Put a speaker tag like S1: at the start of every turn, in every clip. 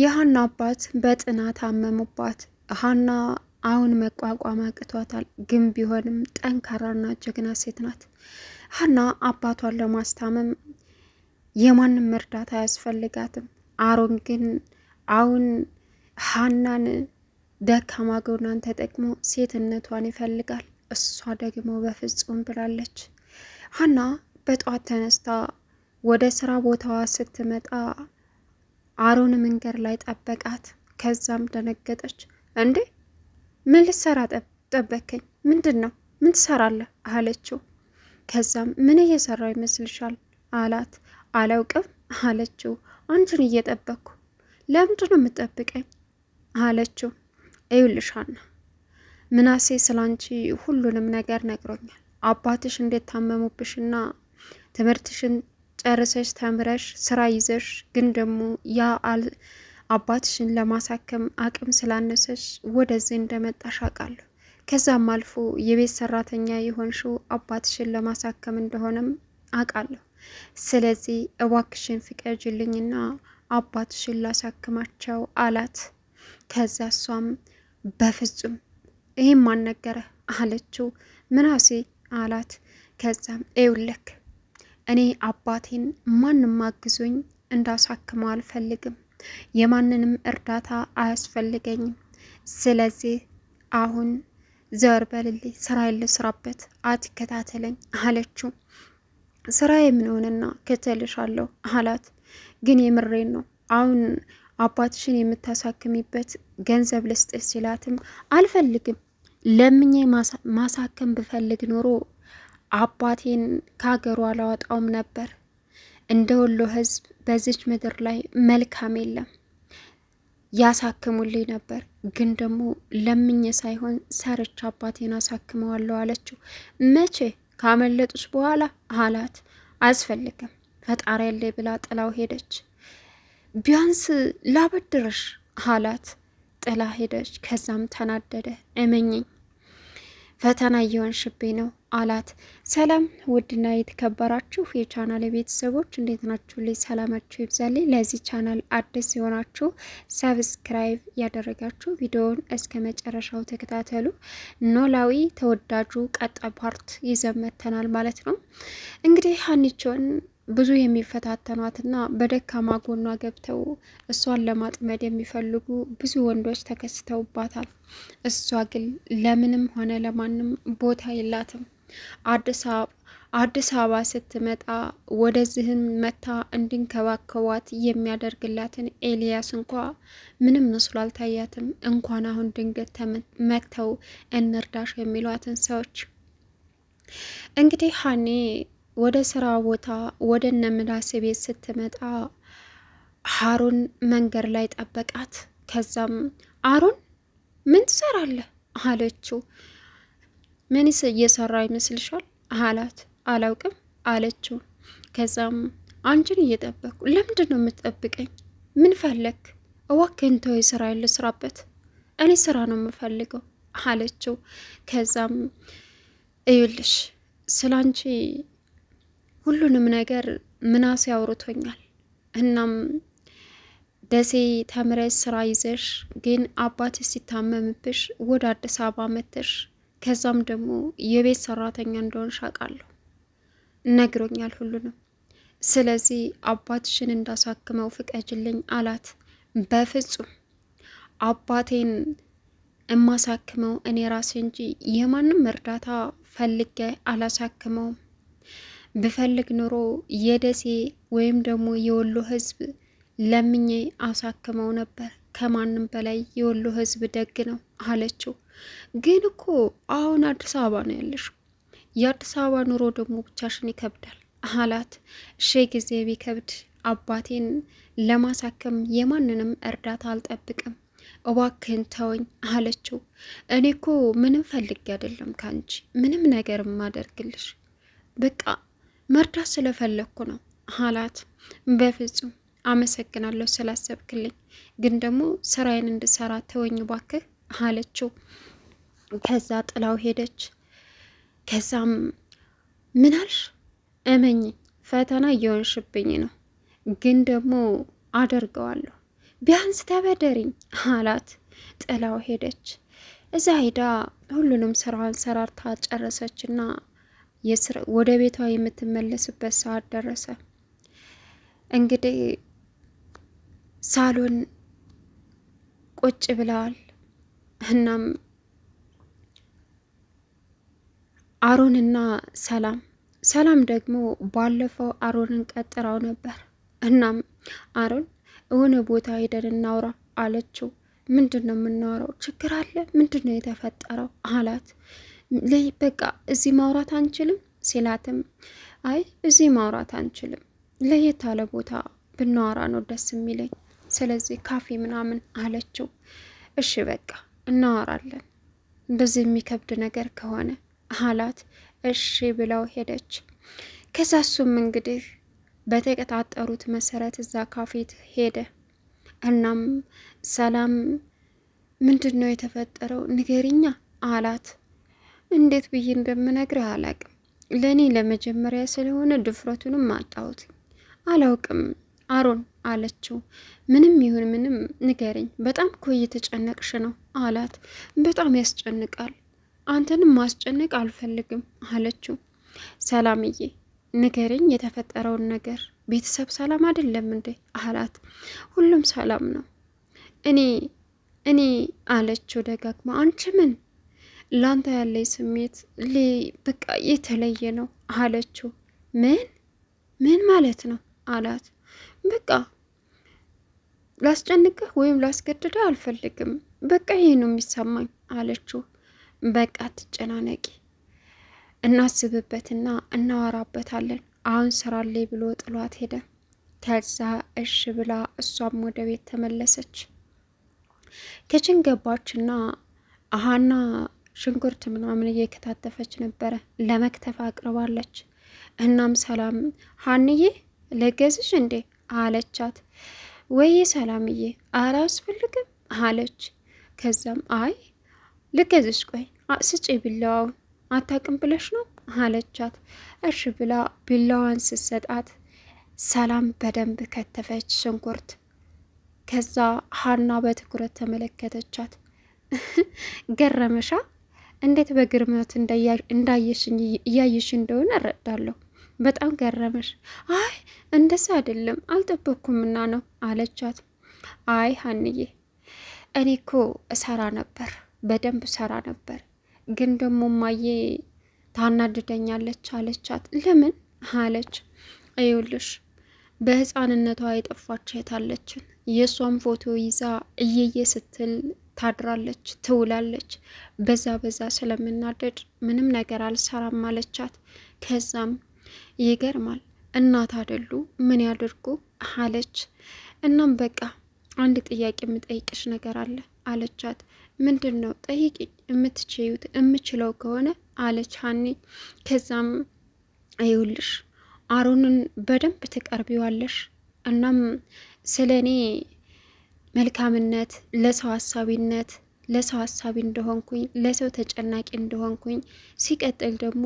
S1: የሀና አባት በጥና ታመሙባት። ሀና አሁን መቋቋም አቅቷታል። ግን ቢሆንም ጠንካራና ጀግና ሴት ናት። ሀና አባቷን ለማስታመም የማንም እርዳታ አያስፈልጋትም። አሮን ግን አሁን ሀናን ደካማ ጎኗን ተጠቅሞ ሴትነቷን ይፈልጋል። እሷ ደግሞ በፍጹም ብላለች። ሀና በጠዋት ተነስታ ወደ ስራ ቦታዋ ስትመጣ አሮን መንገድ ላይ ጠበቃት። ከዛም ደነገጠች። እንዴ ምን ልሰራ ጠበከኝ? ምንድን ነው ምን ትሰራለህ? አለችው። ከዛም ምን እየሰራው ይመስልሻል አላት። አላውቅም አለችው። አንቺን እየጠበቅኩ ለምንድን ነው የምጠብቀኝ? አለችው። እዩልሻና ምናሴ ስለ አንቺ ሁሉንም ነገር ነግሮኛል። አባትሽ እንዴት ታመሙብሽና ትምህርትሽን ጨርሰሽ ተምረሽ ስራ ይዘሽ ግን ደግሞ ያ አባትሽን ለማሳከም አቅም ስላነሰሽ ወደዚህ እንደመጣሽ አውቃለሁ። ከዛም አልፎ የቤት ሰራተኛ የሆንሽው አባትሽን ለማሳከም እንደሆነም አውቃለሁ። ስለዚህ እባክሽን ፍቀጅልኝና አባትሽን ላሳክማቸው አላት። ከዛ እሷም በፍጹም ይህም ማን አለችው። ምናሴ አላት። ከዛም ኤውለክ እኔ አባቴን ማንም አግዞኝ እንዳሳክመው አልፈልግም። የማንንም እርዳታ አያስፈልገኝም። ስለዚህ አሁን ዘወር በልልኝ፣ ስራዬን ልስራበት፣ አትከታተለኝ አለችው። ስራ የምንሆንና ሆነና ከተልሻለሁ አላት። ግን የምሬን ነው አሁን አባትሽን የምታሳክሚበት ገንዘብ ልስጥ ሲላትም አልፈልግም ለምኜ ማሳከም ብፈልግ ኖሮ አባቴን ከሀገሩ አላወጣውም ነበር። እንደ ወሎ ህዝብ በዚች ምድር ላይ መልካም የለም። ያሳክሙልኝ ነበር ግን ደግሞ ለምኜ ሳይሆን ሰርች አባቴን አሳክመዋለሁ አለችው። መቼ ካመለጡች በኋላ አላት። አያስፈልግም ፈጣሪ ያለ ብላ ጥላው ሄደች። ቢያንስ ላበድርሽ አላት። ጥላ ሄደች። ከዛም ተናደደ። እመኝኝ ፈተና እየሆንሽብኝ ነው አላት። ሰላም ውድና የተከበራችሁ የቻናል ቤተሰቦች እንዴት ናችሁ? ልጅ ሰላማችሁ ይብዛልኝ። ለዚህ ቻናል አዲስ የሆናችሁ ሰብስክራይብ ያደረጋችሁ ቪዲዮውን እስከ መጨረሻው ተከታተሉ። ኖላዊ ተወዳጁ ቀጣይ ፓርት ይዘመተናል ማለት ነው እንግዲህ ሀኒቾን ብዙ የሚፈታተኗትና በደካማ ጎኗ ገብተው እሷን ለማጥመድ የሚፈልጉ ብዙ ወንዶች ተከስተውባታል። እሷ ግን ለምንም ሆነ ለማንም ቦታ የላትም። አዲስ አበባ ስትመጣ ወደዚህም መታ እንድንከባከቧት የሚያደርግላትን ኤልያስ እንኳ ምንም መስሎ አልታያትም። እንኳን አሁን ድንገት መጥተው እንርዳሽ የሚሏትን ሰዎች እንግዲህ ሀኔ ወደ ስራ ቦታ ወደ እነ ምናሴ ቤት ስትመጣ ሀሩን መንገድ ላይ ጠበቃት። ከዛም አሩን ምን ትሰራለህ አለችው። ምን እየሰራ ይመስልሻል አላት። አላውቅም አለችው። ከዛም አንቺን እየጠበቅኩ ለምንድን ነው የምትጠብቀኝ? ምን ፈለግ? እባክህን ተወኝ፣ ስራ ስራበት? እኔ ስራ ነው የምፈልገው አለችው። ከዛም እዩልሽ አንቺ ሁሉንም ነገር ምናሴ አውርቶኛል። እናም ደሴ ተምረሽ ስራ ይዘሽ ግን አባትሽ ሲታመምብሽ ወደ አዲስ አበባ መተሽ ከዛም ደግሞ የቤት ሰራተኛ እንደሆንሽ አውቃለሁ። ነግሮኛል ሁሉንም። ስለዚህ አባትሽን እንዳሳክመው ፍቀጅልኝ አላት። በፍጹም አባቴን እማሳክመው እኔ ራሴ እንጂ የማንም እርዳታ ፈልጌ አላሳክመውም ብፈልግ ኑሮ የደሴ ወይም ደግሞ የወሎ ህዝብ ለምኜ አሳክመው ነበር። ከማንም በላይ የወሎ ህዝብ ደግ ነው አለችው። ግን እኮ አሁን አዲስ አበባ ነው ያለሽ፣ የአዲስ አበባ ኑሮ ደግሞ ብቻሽን ይከብዳል አላት። እሺ ጊዜ ቢከብድ አባቴን ለማሳከም የማንንም እርዳታ አልጠብቅም፣ እባክህን ተወኝ አለችው። እኔ እኮ ምንም ፈልጌ አይደለም ካንቺ ምንም ነገር ማደርግልሽ በቃ መርዳት ስለፈለግኩ ነው አላት። በፍጹም አመሰግናለሁ ስላሰብክልኝ፣ ግን ደግሞ ስራዬን እንድሰራ ተወኝ ባክህ አለችው። ከዛ ጥላው ሄደች። ከዛም ምናልሽ እመኝ ፈተና እየሆንሽብኝ ነው፣ ግን ደግሞ አደርገዋለሁ ቢያንስ ተበደሪኝ አላት። ጥላው ሄደች። እዛ ሄዳ ሁሉንም ስራዋን ሰራርታ ጨረሰችና ወደ ቤቷ የምትመለስበት ሰዓት ደረሰ። እንግዲህ ሳሎን ቁጭ ብለዋል። እናም አሮንና ሰላም ሰላም ደግሞ ባለፈው አሮንን ቀጥራው ነበር። እናም አሮን እውነ ቦታ ሄደን እናውራ አለችው። ምንድን ነው የምናወራው? ችግር አለ? ምንድን ነው የተፈጠረው አላት። ልይ በቃ እዚህ ማውራት አንችልም ሲላትም፣ አይ እዚህ ማውራት አንችልም፣ ለየት ያለ ቦታ ብናወራ ነው ደስ የሚለኝ፣ ስለዚህ ካፌ ምናምን አለችው። እሺ በቃ እናወራለን በዚህ የሚከብድ ነገር ከሆነ አላት። እሺ ብለው ሄደች። ከዛ እሱም እንግዲህ በተቀጣጠሩት መሰረት እዛ ካፌት ሄደ። እናም ሰላም ምንድን ነው የተፈጠረው ንገሪኛ አላት። እንዴት ብዬ እንደምነግርህ አላቅም። ለእኔ ለመጀመሪያ ስለሆነ ድፍረቱንም አጣሁት። አላውቅም አሮን አለችው። ምንም ይሁን ምንም ንገርኝ፣ በጣም እኮ እየተጨነቅሽ ነው አላት። በጣም ያስጨንቃል፣ አንተንም ማስጨነቅ አልፈልግም አለችው። ሰላምዬ ንገርኝ የተፈጠረውን ነገር። ቤተሰብ ሰላም አይደለም እንዴ አላት። ሁሉም ሰላም ነው። እኔ እኔ አለችው ደጋግማ። አንቺ ምን ላንተ ያለኝ ስሜት በቃ የተለየ ነው አለችው። ምን ምን ማለት ነው አላት። በቃ ላስጨንቅህ ወይም ላስገድደ አልፈልግም። በቃ ይህ ነው የሚሰማኝ አለችው። በቃ ትጨናነቂ፣ እናስብበትና እናወራበታለን። አሁን ስራ ብሎ ጥሏት ሄደ። ከዛ እሽ ብላ እሷም ወደ ቤት ተመለሰች። ከችን ገባችና አሀና ሽንኩርት ምናምን እየከታተፈች ነበረ ለመክተፍ አቅርባለች። እናም ሰላም ሀንዬ ለገዝሽ እንዴ አለቻት። ወይ ሰላምዬ አስፈልግም አለች። ከዛም አይ ልገዝሽ፣ ቆይ ስጪ ቢላዋውን አታቅም ብለሽ ነው አለቻት። እሺ ብላ ቢላዋን ስትሰጣት ሰላም በደንብ ከተፈች ሽንኩርት። ከዛ ሀና በትኩረት ተመለከተቻት። ገረመሻ እንዴት በግርመት እንዳየሽኝ እያየሽ እንደሆነ እረዳለሁ። በጣም ገረመሽ? አይ እንደዛ አይደለም አልጠበኩምና ነው አለቻት። አይ ሀንዬ፣ እኔ እኮ እሰራ ነበር፣ በደንብ እሰራ ነበር፣ ግን ደግሞ ማዬ ታናድደኛለች አለቻት። ለምን አለች። እዩልሽ በህፃንነቷ የጠፋች እህታለችን የእሷን ፎቶ ይዛ እየየ ስትል ታድራለች፣ ትውላለች። በዛ በዛ ስለምናደድ ምንም ነገር አልሰራም አለቻት። ከዛም ይገርማል እናት አደሉ ምን ያደርጉ አለች። እናም በቃ አንድ ጥያቄ የምጠይቅሽ ነገር አለ አለቻት። ምንድን ነው ጠይቂ፣ የምትችዩት የምችለው ከሆነ አለች ሀኒ። ከዛም ይውልሽ አሮንን በደንብ ትቀርቢዋለሽ እናም ስለ እኔ መልካምነት፣ ለሰው ሀሳቢነት ለሰው ሀሳቢ እንደሆንኩኝ ለሰው ተጨናቂ እንደሆንኩኝ ሲቀጥል ደግሞ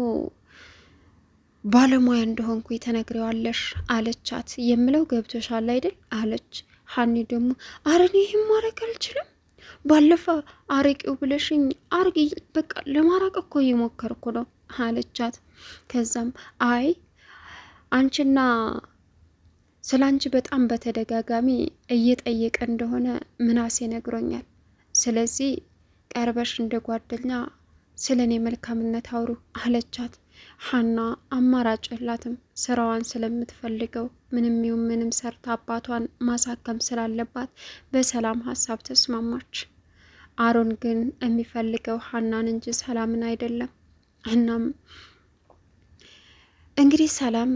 S1: ባለሙያ እንደሆንኩኝ ተነግሬዋለሽ አለቻት። የምለው ገብቶሻል አይደል አለች። ሀኒ ደግሞ አረን ይህም ማድረግ አልችልም ባለፈ አርቂው ብለሽኝ አርቂ በቃ ለማራቅ እኮ እየሞከርኩ ነው አለቻት። ከዛም አይ አንቺና ስለ አንቺ በጣም በተደጋጋሚ እየጠየቀ እንደሆነ ምናሴ ነግሮኛል። ስለዚህ ቀርበሽ እንደ ጓደኛ ስለ እኔ መልካምነት አውሩ አለቻት። ሀና አማራጭ የላትም። ስራዋን ስለምትፈልገው ምንም ይሁን ምንም ሰርታ አባቷን ማሳከም ስላለባት በሰላም ሀሳብ ተስማማች። አሮን ግን የሚፈልገው ሀናን እንጂ ሰላምን አይደለም። እናም እንግዲህ ሰላም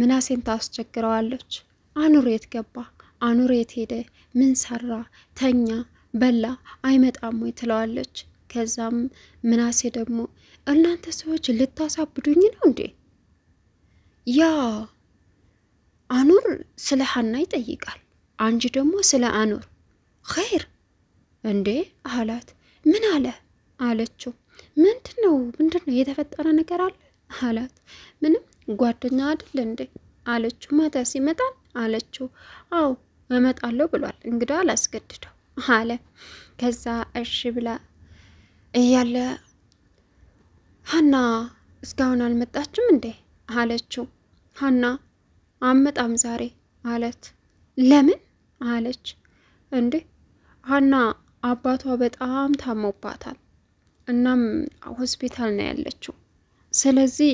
S1: ምናሴን ታስቸግረዋለች። አኑር የት ገባ? አኑር የት ሄደ? ምን ሰራ? ተኛ፣ በላ፣ አይመጣም ወይ ትለዋለች። ከዛም ምናሴ ደግሞ እናንተ ሰዎች ልታሳብዱኝ ነው እንዴ? ያ አኑር ስለ ሀና ይጠይቃል፣ አንጂ ደግሞ ስለ አኑር ኸይር እንዴ አላት። ምን አለ አለችው። ምንድን ነው ምንድን ነው የተፈጠረ ነገር አለ አላት። ምንም ጓደኛ አይደል እንዴ አለችው። ማታ ይመጣል አለችው። አዎ እመጣለሁ ብሏል። እንግዳ አላስገድደው አለ። ከዛ እሺ ብላ እያለ ሀና እስካሁን አልመጣችም እንዴ አለችው። ሀና አመጣም ዛሬ አለት። ለምን አለች። እንዴ ሀና አባቷ በጣም ታሞባታል፣ እናም ሆስፒታል ነው ያለችው። ስለዚህ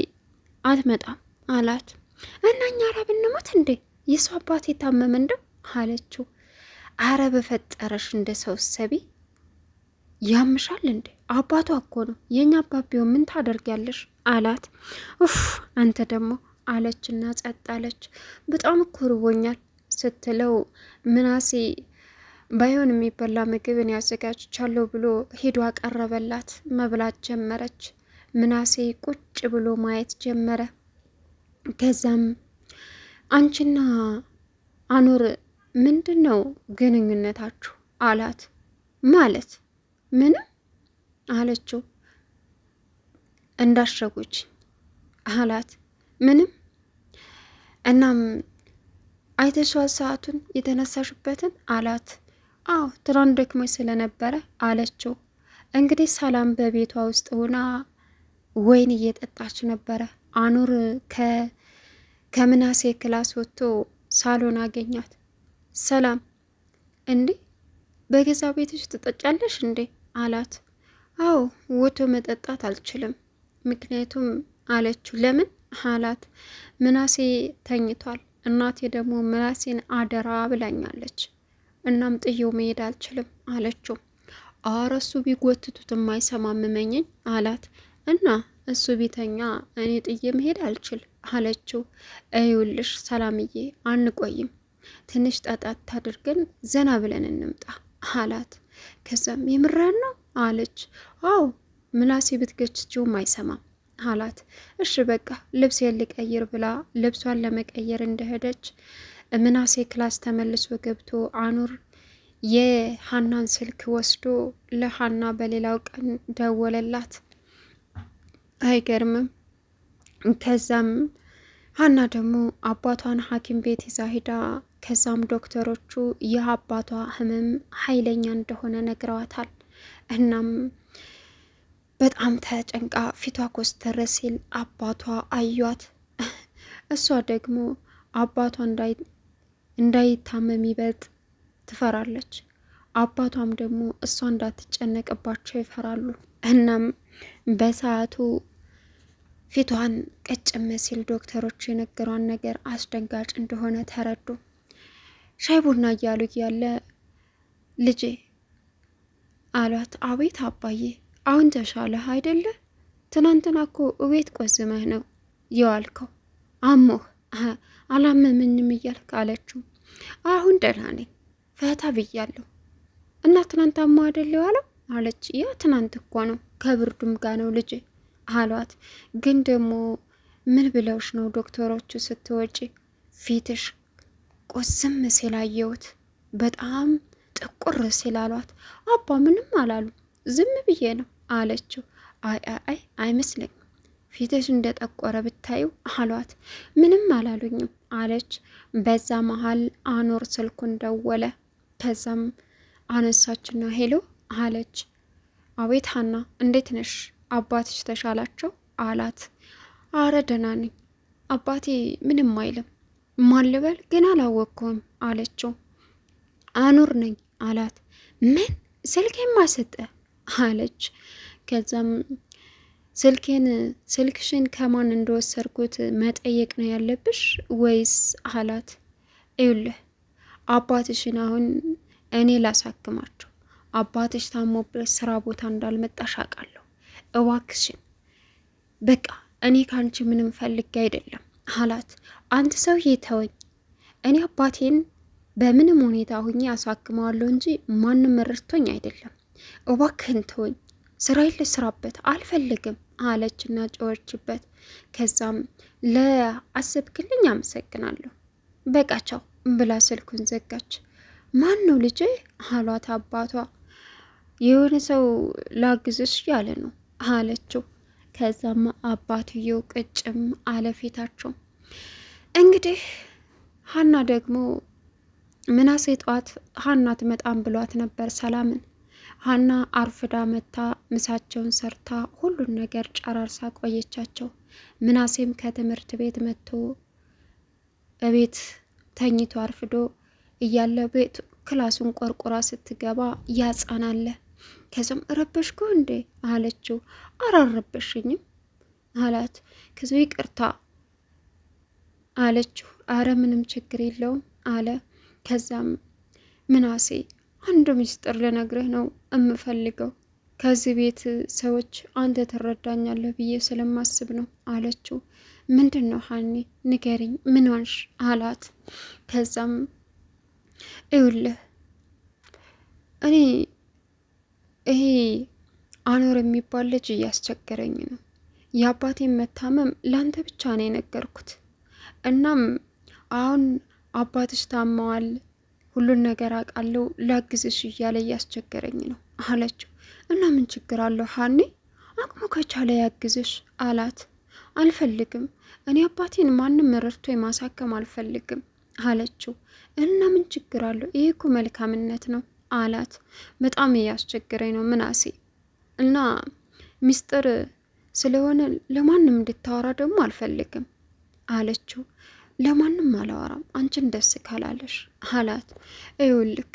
S1: አትመጣም አላት። እና እኛ አረብ እንሞት እንዴ? የሷ አባት የታመመ እንደ አለችው። አረ በፈጠረሽ እንደ ሰው ሰቢ ያምሻል እንዴ? አባቷ እኮ ነው የእኛ አባት ቢሆን ምን ታደርጊያለሽ? አላት። ኡፍ አንተ ደግሞ አለችና ጸጥ አለች። በጣም እኮ ርቦኛል ስትለው ምናሴ ባይሆን የሚበላ ምግብን ያዘጋጅቻለሁ ብሎ ሄዶ አቀረበላት። መብላት ጀመረች። ምናሴ ቁጭ ብሎ ማየት ጀመረ። ከዛም አንቺና አኑር ምንድን ነው ግንኙነታችሁ አላት። ማለት ምንም አለችው። እንዳሸጉች አላት። ምንም እናም አይተሽዋል ሰዓቱን የተነሳሽበትን አላት። አዎ ትራን ደክሞች ስለነበረ አለችው። እንግዲህ ሰላም በቤቷ ውስጥ ሆና ወይን እየጠጣች ነበረ። አኑር ከምናሴ ክላስ ወጥቶ ሳሎን አገኛት። ሰላም እንዴ በገዛ ቤትሽ ትጠጫለሽ እንዴ አላት። አዎ ወጥቶ መጠጣት አልችልም ምክንያቱም አለችው። ለምን አላት። ምናሴ ተኝቷል፣ እናቴ ደግሞ ምናሴን አደራ ብላኛለች። እናም ጥየው መሄድ አልችልም አለችው። አረሱ ቢጎትቱት የማይሰማምመኝኝ አላት እና እሱ ቤተኛ እኔ ጥዬ መሄድ አልችል አለችው። እዩልሽ ሰላምዬ፣ አንቆይም ትንሽ ጣጣት አድርገን ዘና ብለን እንምጣ አላት። ከዛም የምራን ነው አለች። አዎ ምላሴ ብትገችችውም አይሰማም አላት። እሺ በቃ ልብስ ልቀይር ብላ ልብሷን ለመቀየር እንደሄደች ምናሴ ክላስ ተመልሶ ገብቶ አኑር የሀናን ስልክ ወስዶ ለሀና በሌላው ቀን ደወለላት። አይገርምም። ከዛም ሀና ደግሞ አባቷን ሐኪም ቤት ይዛ ሄዳ ከዛም ዶክተሮቹ ይህ አባቷ ህመም ኃይለኛ እንደሆነ ነግረዋታል። እናም በጣም ተጨንቃ ፊቷ ኮስተር ሲል አባቷ አዩት። እሷ ደግሞ አባቷ እንዳይታመም ይበልጥ ትፈራለች። አባቷም ደግሞ እሷ እንዳትጨነቅባቸው ይፈራሉ። እናም በሰዓቱ ፊቷን ቀጭም ሲል ዶክተሮች የነገሯን ነገር አስደንጋጭ እንደሆነ ተረዱ። ሻይ ቡና እያሉ እያለ ልጄ አሏት። አቤት አባዬ፣ አሁን ተሻለህ አይደለ? ትናንትና እኮ እቤት ቆዝመህ ነው የዋልከው አሞህ አላመመኝም እያልክ አለችው። አሁን ደህና ነኝ ፈታ ብያለሁ። እና ትናንት አሞ አይደል የዋለው አለች። ያ ትናንት እኮ ነው፣ ከብርዱም ጋ ነው ልጄ አሏት። ግን ደግሞ ምን ብለውሽ ነው ዶክተሮቹ ስትወጪ ፊትሽ ቁስም ሲላየሁት በጣም ጥቁር ሲላሏት፣ አባ ምንም አላሉ ዝም ብዬ ነው አለችው። አይ አይ አይመስለኝም ፊትሽ እንደጠቆረ ብታዩ አሏት። ምንም አላሉኝም አለች። በዛ መሀል አኖር ስልኩን ደወለ። ከዛም አነሳችና ሄሎ አለች። አቤት ሀና እንዴት ነሽ አባትሽ ተሻላቸው አላት። አረ ደህና ነኝ አባቴ ምንም አይልም። ማን ልበል ግን አላወቅኩም አለችው። አኑር ነኝ አላት። ምን ስልኬን ማሰጠ አለች። ከዛም ስልኬን ስልክሽን ከማን እንደወሰድኩት መጠየቅ ነው ያለብሽ ወይስ አላት። እዩልህ አባትሽን አሁን እኔ ላሳክማቸው አባትሽ ታሞበት ስራ ቦታ እንዳልመጣሽ ሻቃለሁ እባክሽን በቃ እኔ ከአንቺ ምንም ፈልጌ አይደለም አላት። አንተ ሰውዬ ተወኝ፣ እኔ አባቴን በምንም ሁኔታ ሁኜ አሳክመዋለሁ እንጂ ማንም ምርቶኝ አይደለም። እባክህን ተወኝ፣ ስራዬን ልስራበት አልፈልግም አለችና ጨወርችበት። ከዛም ለአሰብክልኝ አመሰግናለሁ፣ በቃ ቻው ብላ ስልኩን ዘጋች። ማን ነው ልጄ አሏት አባቷ። የሆነ ሰው ላግዝሽ ያለ ነው አለችው። ከዛም አባትየው ቅጭም አለፊታቸው እንግዲህ ሀና ደግሞ ምናሴ ጠዋት ሀና ትመጣም ብሏት ነበር ሰላምን። ሀና አርፍዳ መታ ምሳቸውን ሰርታ ሁሉን ነገር ጨራርሳ ቆየቻቸው። ምናሴም ከትምህርት ቤት መጥቶ እቤት ተኝቶ አርፍዶ እያለ ቤቱ ክላሱን ቆርቆራ ስትገባ ያጸናለ ከዚም ረበሽኩ እንዴ አለችው። አራረበሽኝም አላት። ከዚ ይቅርታ አለችው። አረ ምንም ችግር የለውም አለ። ከዛም ምናሴ አንዱ ምስጢር ልነግርህ ነው እምፈልገው ከዚህ ቤት ሰዎች አንተ ትረዳኛለህ ብዬ ስለማስብ ነው አለችው። ምንድን ነው ሀኒ ንገሪኝ፣ ምን ሆንሽ አላት። ከዛም እውልህ እኔ ይሄ አኖር የሚባል ልጅ እያስቸገረኝ ነው። የአባቴን መታመም ለአንተ ብቻ ነው የነገርኩት። እናም አሁን አባትሽ ታመዋል፣ ሁሉን ነገር አውቃለሁ፣ ላግዝሽ እያለ እያስቸገረኝ ነው አለችው። እና ምን ችግር አለው ሀኔ አቅሙ ከቻለ ያግዝሽ አላት። አልፈልግም እኔ አባቴን ማንም ረድቶ የማሳከም አልፈልግም አለችው። እና ምን ችግር አለው? ይህ እኮ መልካምነት ነው አላት። በጣም እያስቸገረኝ ነው ምናሴ እና ሚስጥር ስለሆነ ለማንም እንድታወራ ደግሞ አልፈልግም አለችው። ለማንም አላወራም አንቺን ደስ ካላለሽ አላት። እዩልክ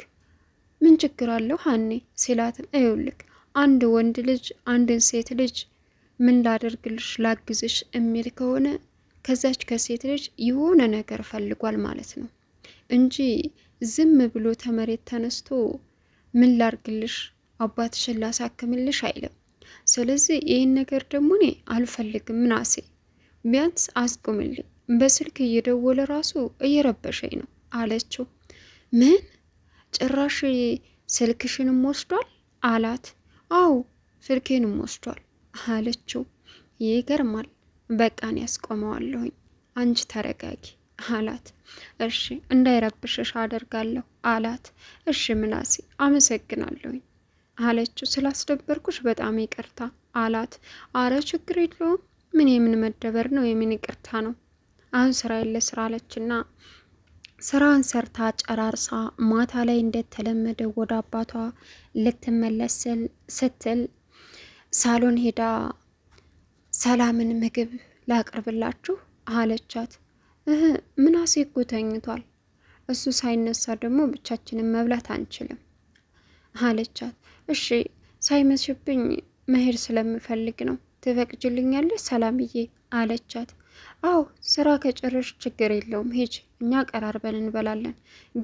S1: ምን ችግር አለው ሀኔ ሲላትም እዩልክ አንድ ወንድ ልጅ አንድን ሴት ልጅ ምን ላደርግልሽ ላግዝሽ የሚል ከሆነ ከዛች ከሴት ልጅ የሆነ ነገር ፈልጓል ማለት ነው እንጂ ዝም ብሎ ተመሬት ተነስቶ ምን ላርግልሽ አባትሽን ላሳክምልሽ አይልም። ስለዚህ ይህን ነገር ደግሞ እኔ አልፈልግም ምናሴ፣ ቢያንስ አስቁምልኝ፣ በስልክ እየደወለ ራሱ እየረበሸኝ ነው አለችው። ምን ጭራሽ ስልክሽንም ወስዷል አላት። አው ስልኬንም ወስዷል አለችው። ይገርማል። በቃን ያስቆመዋለሁኝ። አንቺ ተረጋጊ አላት። እሺ እንዳይረብሽሽ አደርጋለሁ አላት። እሺ ምናሴ አመሰግናለሁኝ አለችው። ስላስደበርኩሽ በጣም ይቅርታ አላት። አረ ችግር የለውም ምን የምን መደበር ነው የምን ይቅርታ ነው። አሁን ስራ የለ ስራ አለችና ስራን ሰርታ ጨራርሳ ማታ ላይ እንደተለመደ ወደ አባቷ ልትመለስ ስትል ሳሎን ሄዳ ሰላምን ምግብ ላቅርብላችሁ አለቻት። እህ ምናሴ እኮ ተኝቷል። እሱ ሳይነሳ ደግሞ ብቻችንን መብላት አንችልም አለቻት። እሺ ሳይመሽብኝ መሄድ ስለምፈልግ ነው ትፈቅጅልኛለሽ ሰላምዬ? አለቻት። አዎ ስራ ከጨረሽ ችግር የለውም ሂጅ፣ እኛ ቀራርበን እንበላለን።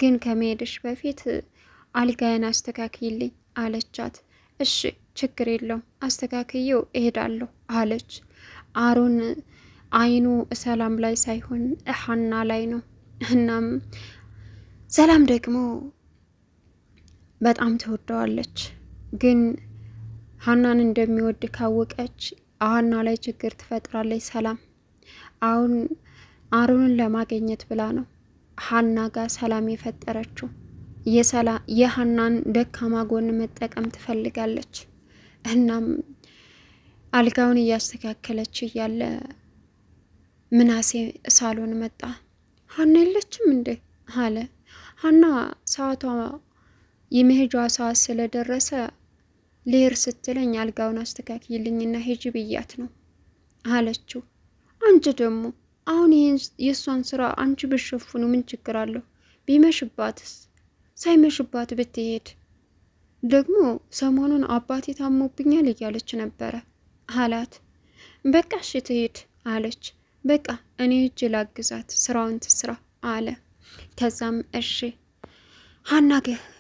S1: ግን ከመሄድሽ በፊት አልጋዬን አስተካክይልኝ አለቻት። እሺ ችግር የለውም አስተካክየው እሄዳለሁ አለች አሮን አይኑ ሰላም ላይ ሳይሆን ሀና ላይ ነው። እናም ሰላም ደግሞ በጣም ትወደዋለች። ግን ሀናን እንደሚወድ ካወቀች ሀና ላይ ችግር ትፈጥራለች። ሰላም አሁን አሩንን ለማግኘት ብላ ነው ሀና ጋር ሰላም የፈጠረችው። የሀናን ደካማ ጎን መጠቀም ትፈልጋለች። እናም አልጋውን እያስተካከለች እያለ ምናሴ ሳሎን መጣ። ሀና የለችም እንዴ አለ። ሀና ሰዓቷ የመሄጇ ሰዓት ስለደረሰ ልሄድ ስትለኝ አልጋውን አስተካክይልኝና ሂጂ ብያት ነው አለችው። አንቺ ደግሞ አሁን ይህን የእሷን ስራ አንቺ ብሸፍኑ ምን ችግር አለሁ? ቢመሽባትስ? ሳይመሽባት ብትሄድ ደግሞ ሰሞኑን አባቴ ታሞብኛል እያለች ነበረ አላት። በቃ እሺ ትሄድ አለች። በቃ እኔ እጅ ላግዛት ስራውን ትስራ አለ። ከዛም እሺ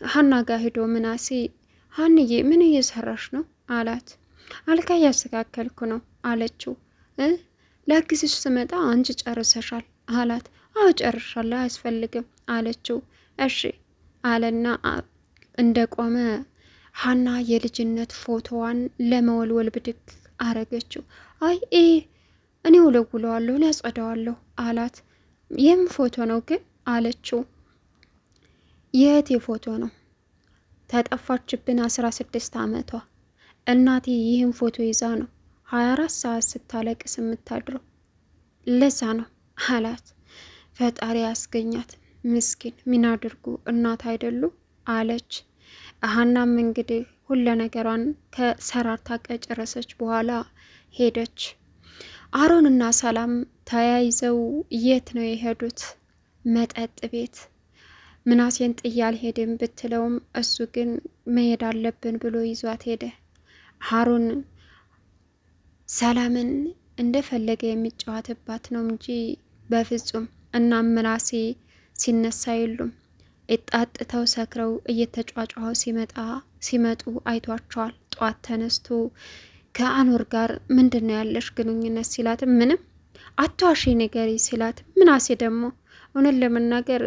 S1: ሀና ጋ ሂዶ ምናሴ ሀንዬ ምን እየሰራሽ ነው አላት። አልጋ እያስተካከልኩ ነው አለችው። ላግዝሽ ስመጣ አንቺ ጨርሰሻል አላት። አዎ ጨርሻለሁ አያስፈልግም አለችው። እሺ አለና እንደቆመ ሀና የልጅነት ፎቶዋን ለመወልወል ብድግ አረገችው። አይ እኔ ውለውለዋለሁ፣ እኔ ያጸዳዋለሁ አላት። ይህም ፎቶ ነው ግን አለችው። የእህቴ ፎቶ ነው። ተጠፋችብን አስራ ስድስት አመቷ እናቴ ይህን ፎቶ ይዛ ነው ሀያ አራት ሰዓት ስታለቅስ የምታድረው ለዛ ነው አላት። ፈጣሪ ያስገኛት ምስኪን ምን አድርጉ እናት አይደሉ አለች። ሀናም እንግዲህ ሁለ ነገሯን ከሰራርታ ቀጨረሰች በኋላ ሄደች። አሮን እና ሰላም ተያይዘው የት ነው የሄዱት? መጠጥ ቤት። ምናሴን ጥዬ አልሄድም ብትለውም እሱ ግን መሄድ አለብን ብሎ ይዟት ሄደ። አሮን ሰላምን እንደፈለገ የሚጫወትባት ነው እንጂ በፍጹም እናም ምናሴ ሲነሳ የሉም ጣጥተው ሰክረው እየተጫጫኸው ሲመጣ ሲመጡ አይቷቸዋል። ጧት ተነስቶ ከአኖር ጋር ምንድን ነው ያለሽ ግንኙነት ሲላት፣ ምንም አቷሺ ነገር ሲላት ምናሴ ደግሞ እውነት ለመናገር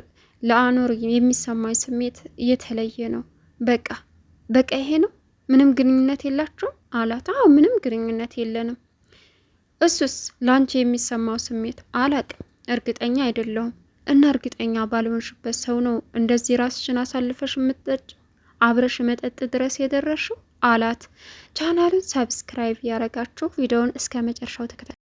S1: ለአኖር የሚሰማኝ ስሜት እየተለየ ነው። በቃ በቃ ይሄ ነው ምንም ግንኙነት የላችሁ አላት። አዎ ምንም ግንኙነት የለንም። እሱስ ለአንቺ የሚሰማው ስሜት አላቅ፣ እርግጠኛ አይደለሁም። እና እርግጠኛ ባልሆንሽበት ሰው ነው እንደዚህ ራስሽን አሳልፈሽ የምትጠጭ አብረሽ መጠጥ ድረስ የደረሽው አላት። ቻናሉን ሰብስክራይብ ያደረጋችሁ ቪዲዮውን እስከ መጨረሻው ተከታተሉ።